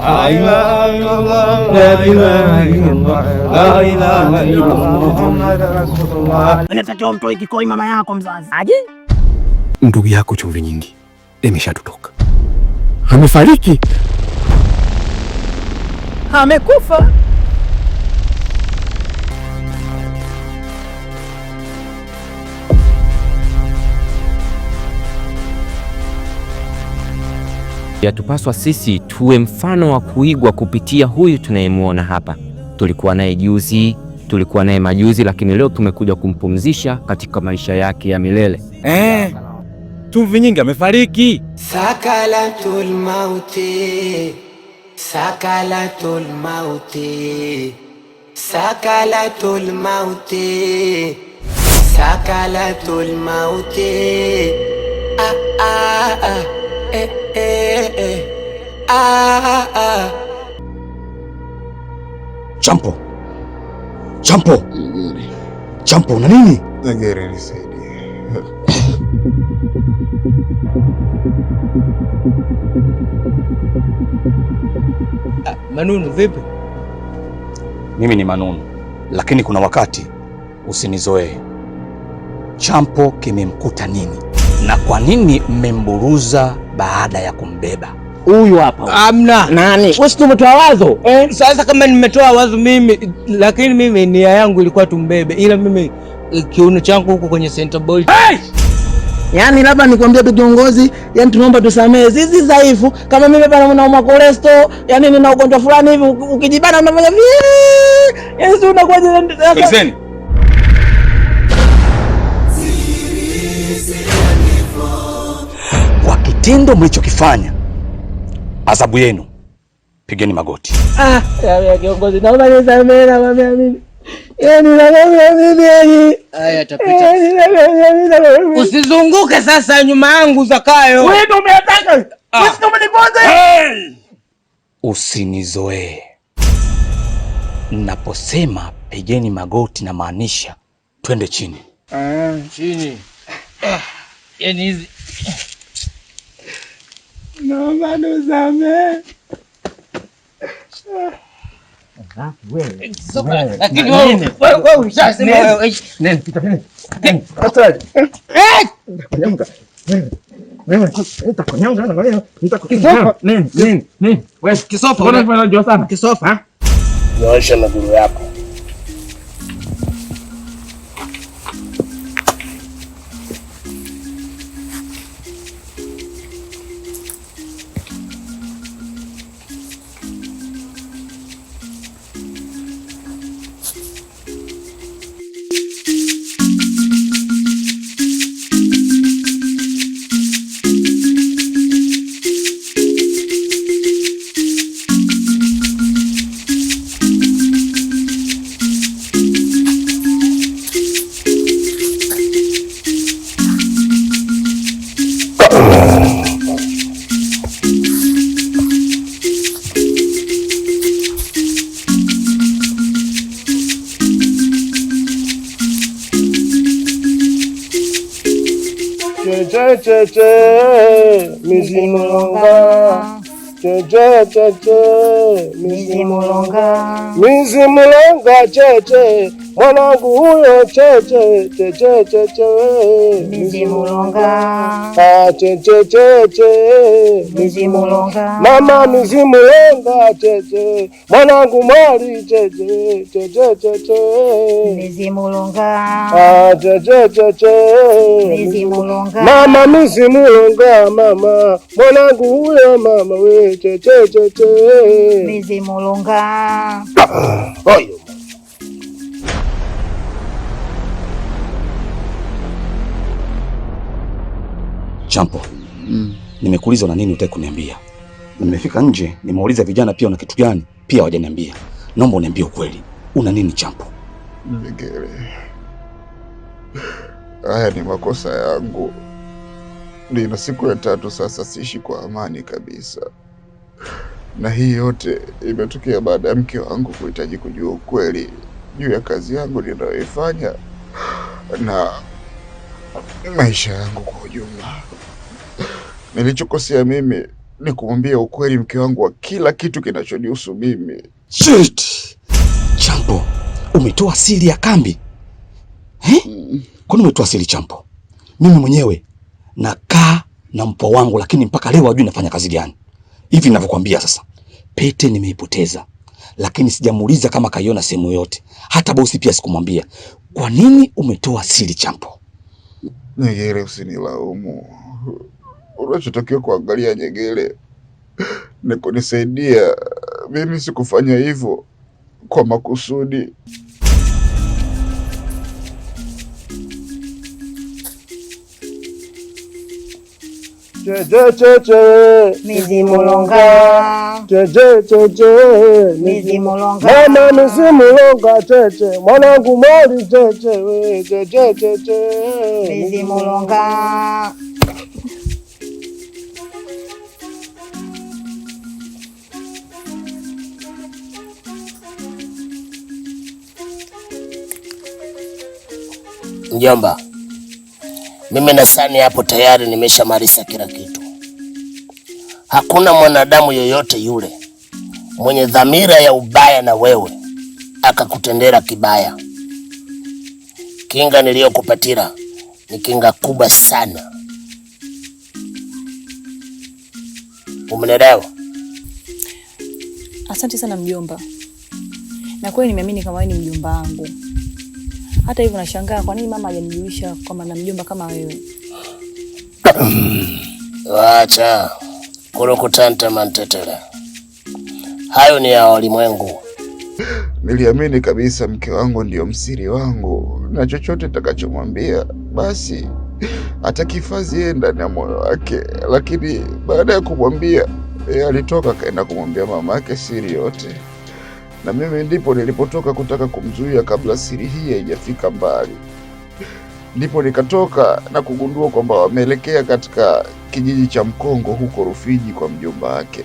لا kikoi mama yako mzazi. Aje? Ndugu yako chumvi nyingi imeshatutoka, amefariki, amekufa. Yatupaswa sisi tuwe mfano wa kuigwa kupitia huyu tunayemwona hapa. Tulikuwa naye juzi, tulikuwa naye majuzi, lakini leo tumekuja kumpumzisha katika maisha yake ya milele eh. Chumvi Nyingi amefariki. Sakalatul mauti, sakalatul mauti, sakalatul mauti, sakalatul mauti. Ah, ah, ah, eh, eh. Champo, Champo, Champo, na nini? Ngeri, nisaidie. Ah, Manunu vipi? Mimi ni Manunu, lakini kuna wakati usinizoee. Champo kimemkuta nini na kwa nini mmemburuza baada ya kumbeba? huyu hapa. Amna. Nani? Wewe tumetoa wazo eh? Sasa kama nimetoa wazo mimi, lakini mimi nia yangu ilikuwa tumbebe, ila mimi eh, kiuno changu huko kwenye center ball. Hey! Yaani labda nikwambia tu kiongozi, yani tunaomba tusamee sisi dhaifu, kama mimi bana nauma cholesterol, yani nina ugonjwa fulani hivi, ukijibana unafanya hivi. Yaani si unakuwa je? Kwa kitendo mlichokifanya adhabu yenu, pigeni magoti. Ah, ya kiongozi, na yaani? yaani? Usizunguke sasa nyuma yangu Zakayo. Ah. Hey! Usinizoee. Naposema pigeni magoti na maanisha twende chini. Ah, chini. Ah, yani hizi Naomba nisamehe. Kisofa, unajua sana kisofa, nyoosha miguu yako. Miji Mulonga cheche cheche, Miji Mwanangu huyo cheche cheche cheche mizimulonga, mama mizimulonga cheche, mwanangu mwali cheche mizimulonga, cheche mizimulonga, mama mizimulonga, mama mwanangu huyo mama we cheche mizimulonga. Champo, mm. nimekuuliza na nini utaki kuniambia? Nimefika nje nimeuliza vijana pia una kitu gani, pia hawajaniambia. Naomba uniambie ukweli, una nini Champo? Mgere, haya ni makosa yangu. Nina siku ya tatu sasa siishi kwa amani kabisa, na hii yote imetokea baada ya mke wangu kuhitaji kujua ukweli juu ya kazi yangu ninayoifanya na maisha yangu kwa ujumla. Nilichokosea mimi ni kumwambia ukweli mke wangu wa kila kitu kinachonihusu mimi. Shit! Champo, umetoa siri ya kambi eh? Mm. Kwani umetoa siri Chambo? Mimi mwenyewe nakaa na mpwa wangu, lakini mpaka leo hajui nafanya kazi gani. Hivi ninavyokuambia sasa, pete nimeipoteza, lakini sijamuuliza kama kaiona sehemu yoyote. Hata bosi pia sikumwambia. Kwa nini umetoa siri Champo? Nyegere, usinilaumu. Unachotakiwa kuangalia Nyegere ni kunisaidia mimi, sikufanya hivyo kwa makusudi. Mizimulonga mama Mizimulonga tete mwanangu moli tete mjomba mimi na Sani hapo tayari nimeshamaliza kila kitu. Hakuna mwanadamu yoyote yule mwenye dhamira ya ubaya na wewe akakutendera kibaya. Kinga niliyokupatira ni kinga kubwa sana, umenielewa? Asante sana mjomba, na kweli nimeamini kama wewe ni mjomba wangu. Hata hivyo nashangaa kwa nini mama hajanijulisha kwamba na mjomba kama wewe. Wacha kurukutanta mantetela, hayo ni ya walimwengu. Niliamini kabisa mke wangu ndio msiri wangu, na chochote takachomwambia basi atakihifadhi yeye ndani ya moyo wake. Lakini baada ya kumwambia, eh, alitoka akaenda kumwambia mama yake siri yote na mimi ndipo nilipotoka kutaka kumzuia kabla siri hii haijafika mbali. Ndipo nikatoka na kugundua kwamba wameelekea katika kijiji cha Mkongo huko Rufiji kwa mjomba wake,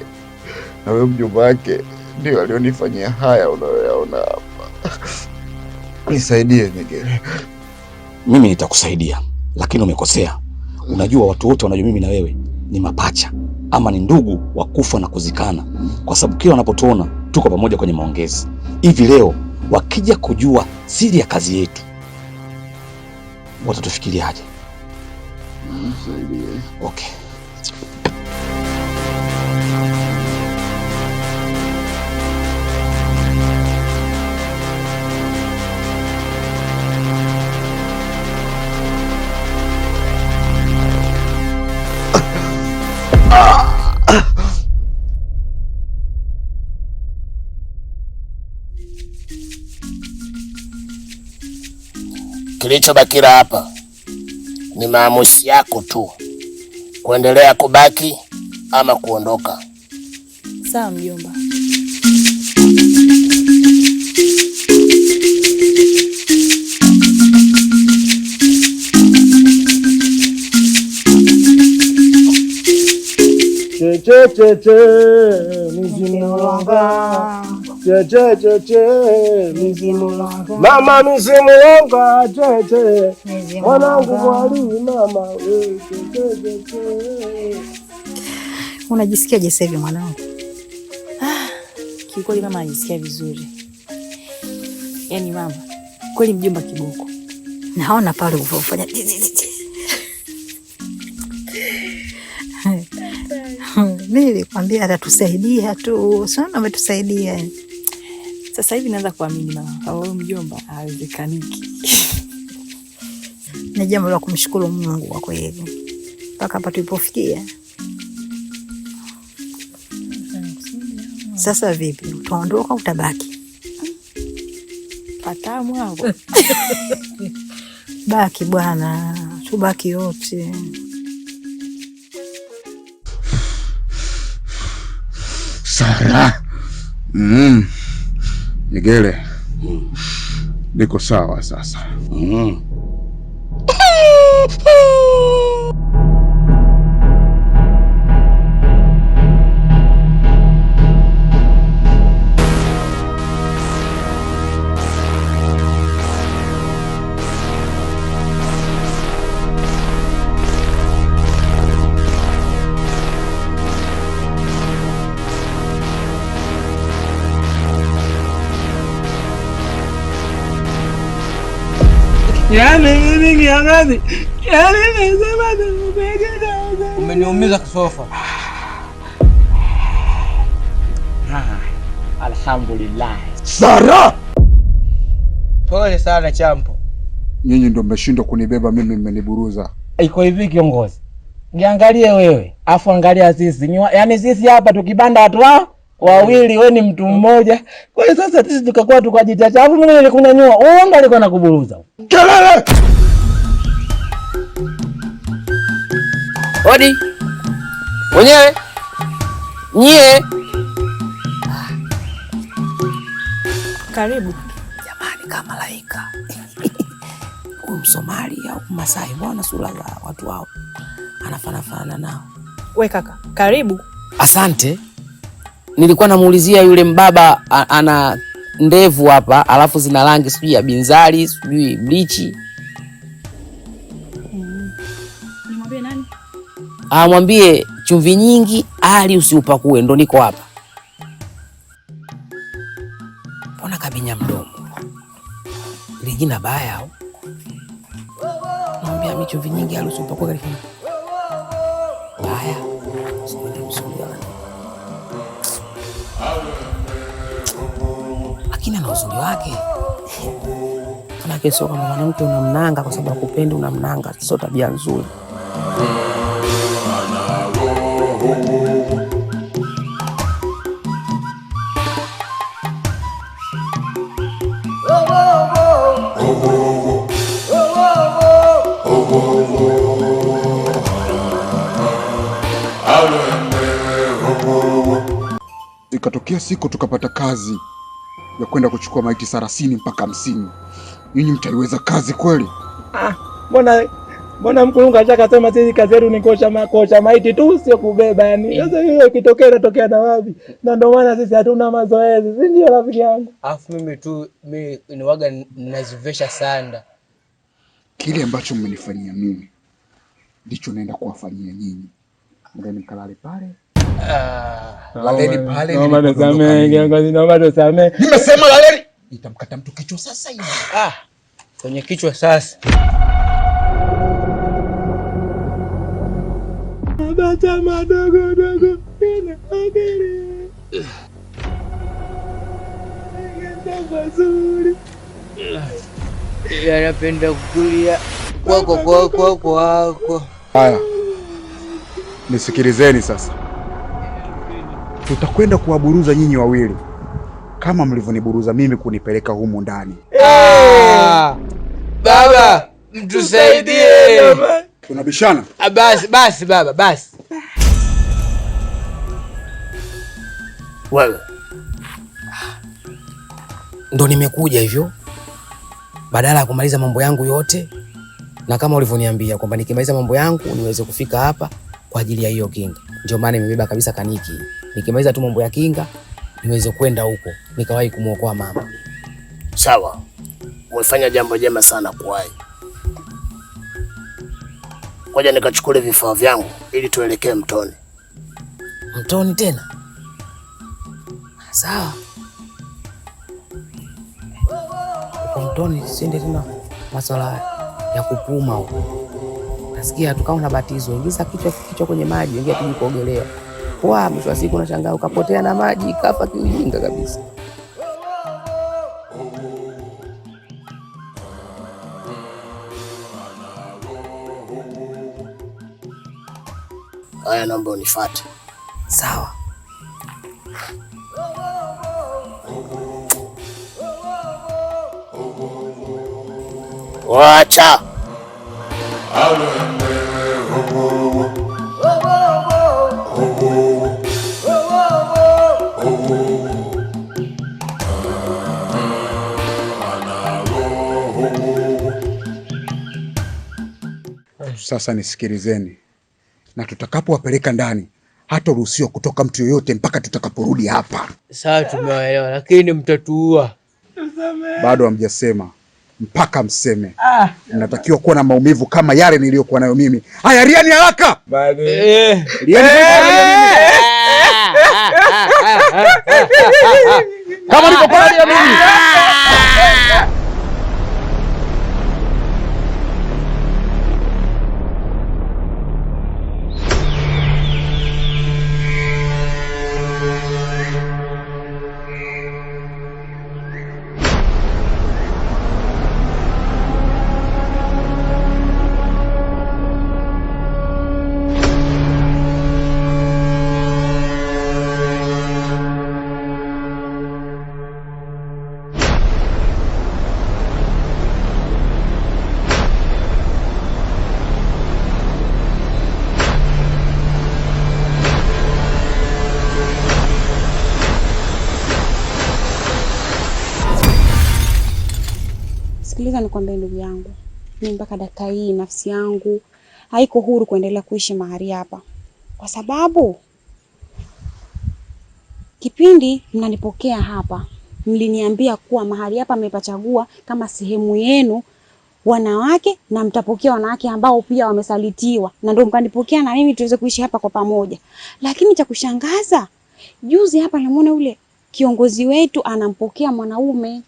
na huyo mjomba wake ndio alionifanyia haya unayoyaona hapa. Nisaidie Migere. Mimi nitakusaidia, lakini umekosea. Unajua, watu wote wanajua mimi na wewe ni mapacha ama ni ndugu wa kufa na kuzikana, kwa sababu kila wanapotuona tuko pamoja kwenye maongezi. Hivi leo wakija kujua siri ya kazi yetu watatufikiriaje? Okay. Kilichobakira hapa ni maamuzi yako tu, kuendelea kubaki ama kuondoka. Sawa mjomba. Chechecheche mjini wanga Mama mizimu mizimulonga jeje, mwanangu mwalimu mama. Unajisikiaje sasa hivi mwanangu? Ah, kiukweli mama anajisikia vizuri. Yaani mama kweli mjomba kiboko, naona pale ulivyofanya mimi nilikwambia atatusaidia tu, sana ametusaidia sasa hivi naanza kuamini mama au mjomba, awezekaniki. Ni jambo la kumshukuru Mungu kwa kweli, mpaka hapa tulipofikia. Sasa vipi, utaondoka utabaki? Patamu mwangu baki bwana, tubaki yote Sara. Mm nigele mm. niko sawa sasa. Mm. Yaani, yaani, Umeniumiza kisofa. Ah, alhamdulillah. Sara! Pole sana champo. Nyinyi ndio mmeshindwa kunibeba mimi, mmeniburuza. Iko hivi kiongozi, niangalie wewe afu angalia sisi, yaani sisi hapa tukibanda watu wao wawili, we ni mtu mm. mmoja. Kwa hiyo sasa sisi tukakuwa tukajitacha, alafu mimi nilikunyanyua, wewe alikuwa nakuburuza kelele. Odi wenyewe nyie, karibu jamani, kama malaika huyu Msomali au Masai, mbona sura za watu wao anafanafana nao? We kaka, karibu. Asante nilikuwa namuulizia yule mbaba ana ndevu hapa, alafu zina rangi sijui ya binzari sijui blichi. Amwambie chumvi nyingi ali usiupakue, ndo niko hapa. Mbona kabinya mdomo ligina baya au? Mwambia mi chumvi nyingi ali usiupakue. baya wake. sio kama mwanamke unamnanga kwa sababu akupendi, unamnanga, sio tabia nzuri. Ikatokea siku tukapata kazi ya kwenda kuchukua maiti sarasini mpaka hamsini. Nyinyi mtaiweza kazi kweli? Mbona ah, mbona mkulungu ashakasema sisi kazi yetu ni kuosha maiti tu, sio kubeba. Yani mm. sasa hiyo ikitokea inatokea na wapi? Na ndio maana sisi hatuna mazoezi, si ndio rafiki yangu? Alafu mimi tu mimi waga nazivesha sanda. Kile ambacho mmenifanyia mimi ndicho naenda kuwafanyia nyinyi. Ndio nikalale pale ah. Laleli pale naomba tusamehe, kiongozi, naomba tusamehe. Nimesema mtu kichwa sasa hivi. Ah, kwenye kichwa sasa. Mabata madogo dogo kwako kwako kwako. Haya, nisikilizeni sasa tutakwenda kuwaburuza nyinyi wawili kama mlivyoniburuza mimi kunipeleka humu ndani. Ah! Baba mtusaidie, tunabishana. Ah, basi basi baba, basi wewe ndo nimekuja hivyo, badala ya kumaliza mambo yangu yote, na kama ulivyoniambia kwamba nikimaliza mambo yangu niweze kufika hapa kwa ajili ya hiyo kinga ndio maana nimebeba kabisa kaniki, nikimaliza tu mambo ya kinga niweze kwenda huko nikawahi kumwokoa mama. Sawa, umefanya jambo jema sana kuwahi. Ngoja nikachukule vifaa vyangu ili tuelekee mtoni. Mtoni tena? Sawa, uko mtoni siende tena masuala ya kupuma huko tukasikia tukawa na batizo, ingiza kichwa kichwa kwenye maji, ingia kuji kuogelea. Kwa mwisho wa siku unashangaa ukapotea na maji, kafa kiujinga kabisa. Haya, naomba unifuate. Sawa. Wacha. Sasa nisikilizeni, na tutakapowapeleka ndani hata ruhusiwa kutoka mtu yoyote mpaka tutakaporudi hapa. Sawa, tumewaelewa, lakini mtatuua. Bado hamjasema mpaka mseme. Ah, natakiwa kuwa na maumivu kama yale niliyokuwa nayo mimi. Haya, riani haraka eh. Eh. Eh. kama nilivyokuwa nayo mimi. Sikiliza nikwambie ndugu yangu, mi mpaka dakika hii nafsi yangu haiko huru kuendelea kuishi mahali hapa, kwa sababu kipindi mnanipokea hapa mliniambia kuwa mahali hapa mmepachagua kama sehemu yenu wanawake, na mtapokea wanawake ambao pia wamesalitiwa, na ndio mkanipokea na mimi tuweze kuishi hapa kwa pamoja. Lakini cha kushangaza, juzi hapa nimeona yule kiongozi wetu anampokea mwanaume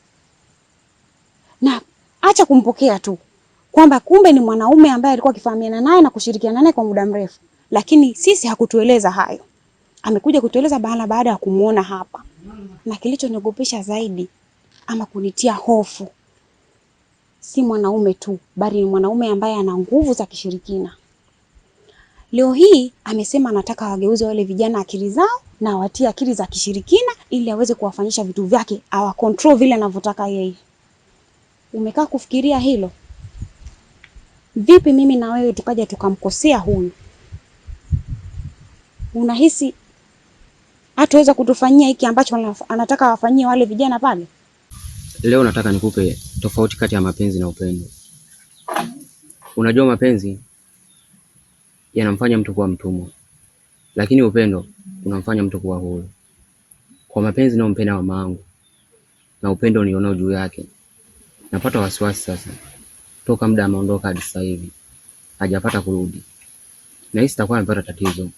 na acha kumpokea tu kwamba kumbe ni mwanaume ambaye alikuwa akifahamiana naye na kushirikiana naye kwa muda mrefu, lakini sisi hakutueleza hayo. Amekuja kutueleza baada baada ya kumuona hapa, na kilichoniogopesha zaidi ama kunitia hofu si mwanaume tu, bali ni mwanaume ambaye ana nguvu za kishirikina. Leo hii amesema anataka wageuze wale vijana akili zao na watie akili za kishirikina, ili aweze kuwafanyisha vitu vyake, awakontrol vile anavyotaka yeye umekaa kufikiria hilo? Vipi mimi na wewe tukaja tukamkosea huyu? Unahisi hataweza kutufanyia hiki ambacho anataka wafanyie wale vijana pale? Leo nataka nikupe tofauti kati ya mapenzi na upendo. Unajua, mapenzi yanamfanya mtu kuwa mtumwa, lakini upendo unamfanya mtu kuwa huru. Kwa mapenzi naompenda mama wangu na upendo nionao juu yake Napata wasiwasi sasa, toka muda ameondoka hadi sasa hivi hajapata kurudi, na hisi takuwa amepata tatizo.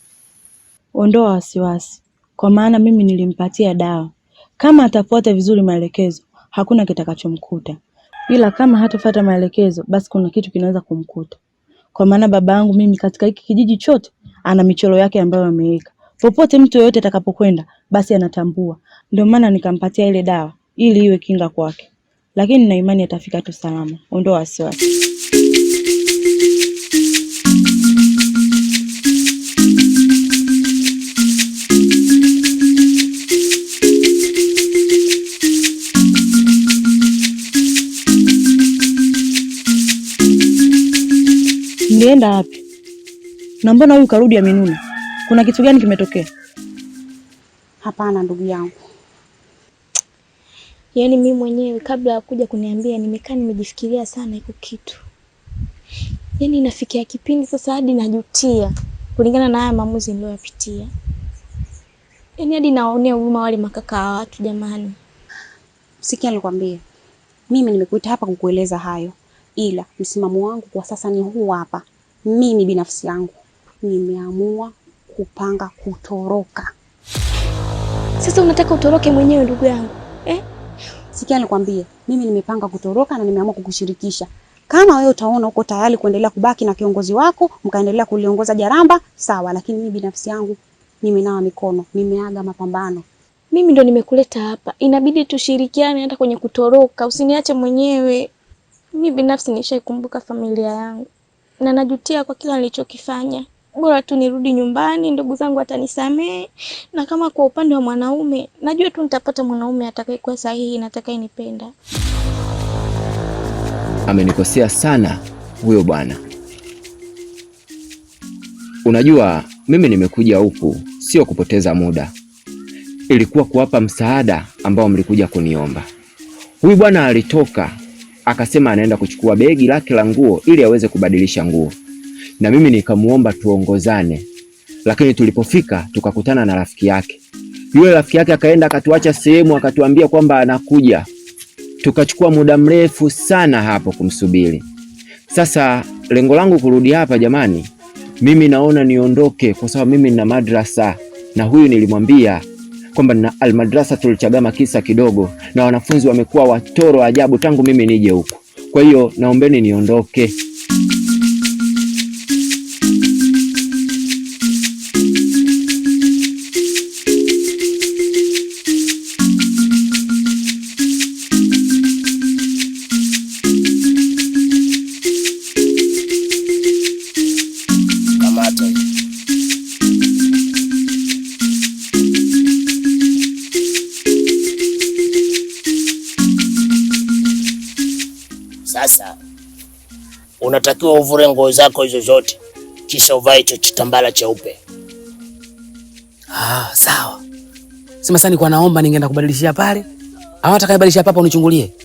Ondoa wasiwasi, kwa maana mimi nilimpatia dawa. Kama atafuata vizuri maelekezo, hakuna kitakachomkuta, ila kama hatafuata maelekezo, basi kuna kitu kinaweza kumkuta. Kwa maana baba yangu mimi katika hiki kijiji chote ana michoro yake ambayo ameweka popote, mtu yoyote atakapokwenda basi anatambua. Ndio maana nikampatia ile dawa ili iwe kinga kwake lakini na imani atafika tu salama. Ondoa wasiwasi. Mlienda wapi? Na mbona huyu karudi amenuna? Kuna kitu gani kimetokea? Hapana ndugu yangu Yaani mi mwenyewe kabla ya kuja kuniambia nimekaa nimejifikiria sana iko kitu. Yaani inafikia kipindi sasa hadi najutia kulingana na haya maamuzi niliyoyapitia. Yaani hadi naonea huruma wale makaka wa watu jamani. Sikia nikwambie. Mimi nimekuita hapa kukueleza hayo. Ila msimamo wangu kwa sasa ni huu hapa. Mimi binafsi yangu nimeamua kupanga kutoroka. Sasa unataka utoroke mwenyewe ndugu yangu? Eh? Sikia nikwambie, mimi nimepanga kutoroka na nimeamua kukushirikisha. Kama wewe utaona uko tayari kuendelea kubaki na kiongozi wako, mkaendelea kuliongoza Jaramba, sawa, lakini mimi binafsi yangu nimenawa mikono, nimeaga mapambano. Mimi ndo nimekuleta hapa, inabidi tushirikiane hata kwenye kutoroka, usiniache mwenyewe. Mimi binafsi nishaikumbuka familia yangu na najutia kwa kila nilichokifanya bora tu nirudi nyumbani, ndugu zangu atanisamee Na kama kwa upande wa mwanaume, najua tu nitapata mwanaume atakayekuwa sahihi na atakayenipenda. Amenikosea sana huyo bwana. Unajua, mimi nimekuja huku sio kupoteza muda, ilikuwa kuwapa msaada ambao mlikuja kuniomba. Huyu bwana alitoka akasema anaenda kuchukua begi lake la nguo ili aweze kubadilisha nguo na mimi nikamuomba tuongozane, lakini tulipofika tukakutana na rafiki yake. Yule rafiki yake akaenda akatuacha sehemu, akatuambia kwamba anakuja. Tukachukua muda mrefu sana hapo kumsubiri. Sasa lengo langu kurudi hapa, jamani, mimi naona niondoke, kwa sababu mimi nina madrasa na huyu nilimwambia kwamba na almadrasa tulichagama kisa kidogo, na wanafunzi wamekuwa watoro ajabu tangu mimi nije huku. Kwa hiyo naombeni niondoke. unatakiwa uvure nguo zako hizo zote, kisha uvae hicho kitambala cheupe. Ah, sawa. Sema sasa, nilikuwa naomba ningeenda kubadilishia pale, au atakayebadilisha papa unichungulie